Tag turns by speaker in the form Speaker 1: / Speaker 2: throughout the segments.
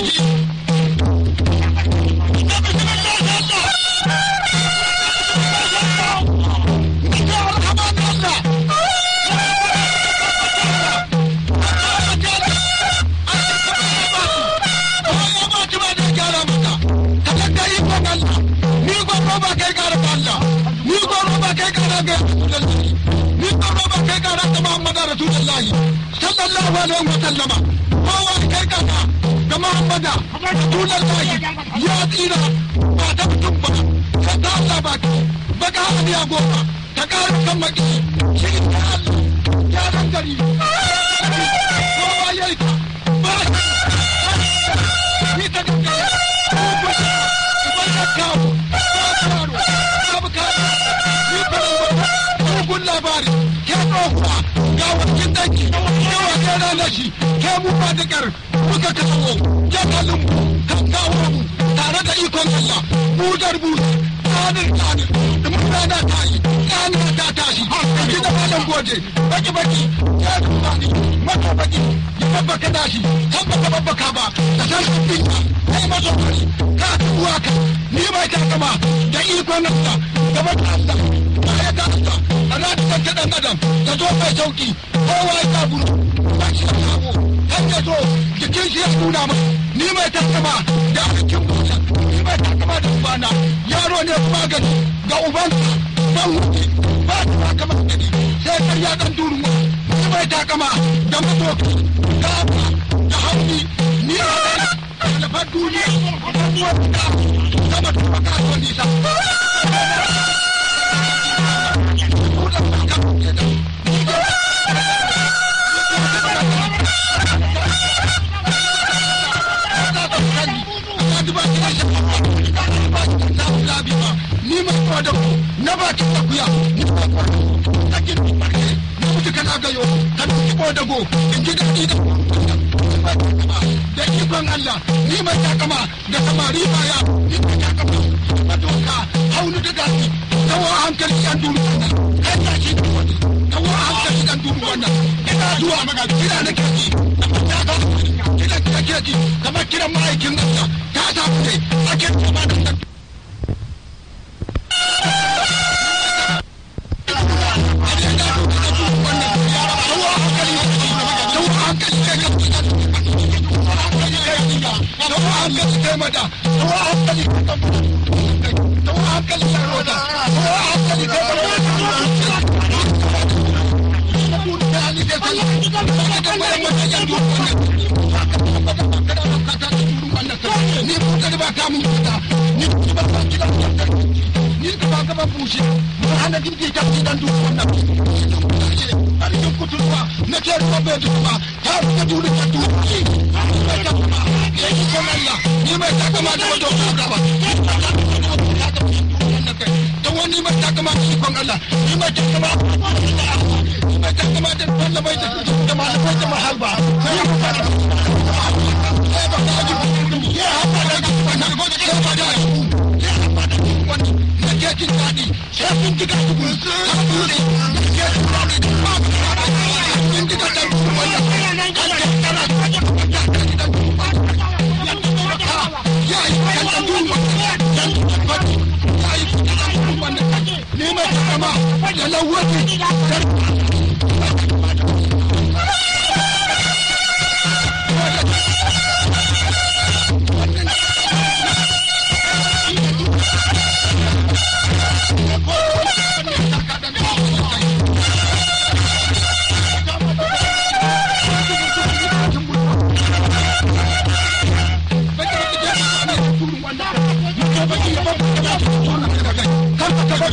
Speaker 1: sallallahu alaihi wasallama kowa kai kasa da muhammada tunar tayi ya tsira ba da mutum ba ka dasa baki baka hadiya goma ta ƙara kan maki shi ta allah gyaran gari kowa ya yi ta ba ni ta dinga ko ba ta kawo ba yaro ba bukata ni fara wata labari ke tsohuwa ga wakin danki ya rana shi ke mu ba da ƙyar muka kawo jakalin mu kan kawo mu tare da ikon Allah mu darbu tsanin tsanin da mu rana ta yi tsana ta tashi da ki da malam goje baki baki ya duba ni mata baki ya babbaka da shi kan baka babbaka ba da san sabbin ka kai mazo kari ka tuwa ka ni mai ta kama da ikon Allah gaba ta Allah ba ya ta Allah da na ta dan adam da zo mai sauki kowa ya sa buru ba shi da sabo har ya zo jikin shi ya nuna mai ni mai tattama da arzikin busa ni mai tattama da ubana yaro ne magani ga ubansa ban wuce ba ta takama da ni sai karya kan ma ni mai takama da matoki da abuwa da hauni ni a ɗalifar duniya da kuma da sama ta baka nisa. dawo na baki akuya ni ba ka sakin barke na mutu kana gayo kana kibo dago in ji dadi da da ikon Allah ni mai takama da samari baya ni mai takama da doka haunu da gasi tawo hankali an duru kai ta shi da wani hankali dan duru wannan ina zuwa maga kira na kirki da ka kira kira ji kamar kiran ma'aikin Allah ka ta fice sakin ba da tsaro hankali kai mata tsaro hankali kai mata tsaro hankali kai mata tsaro hankali kai ni kuka da ba ka mun kuta ni kuka ba ka kida ni ka ba ka ba bushe mun hana dinki ka kidan duk wannan har yin kutuwa na ke ruwa bai duba har ka duri ka mai takama da wajen sabra ba don wani mai takama da ikon Allah ni mai takama ni mai takama da malamai da malamai da mahalba sai ya kuka da ya ba ka ji ya haɓa da kuma na gode ya ba da ya haɓa da kuma na ke jin daɗi sai sun ji gasu kun a kure na ke jin daɗi ba ka ji daɗi sun ji daɗi kuma ya kana kana kana ¡Vamos! ¡Vamos!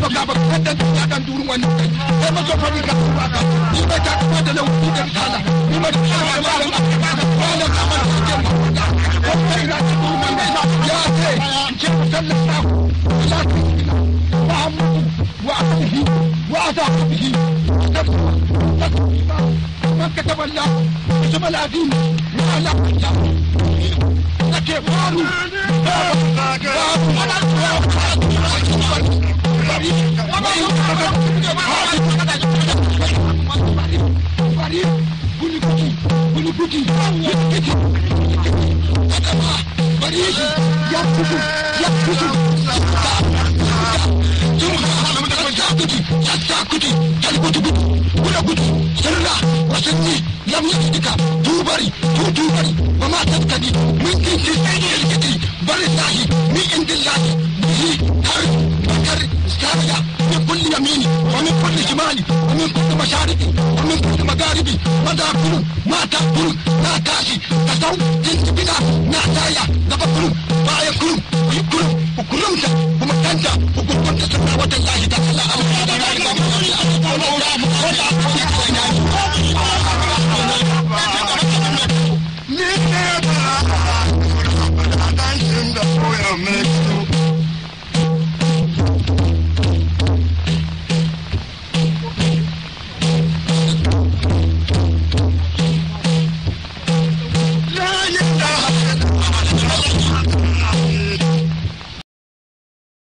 Speaker 1: I'm ba kada da ni in garbi maza kuru mata kuru na tashi ka sau na taya gaba kuru baya kuru ku yi kuru ku kurumta ku mutanta ta ta Allah Allah ya da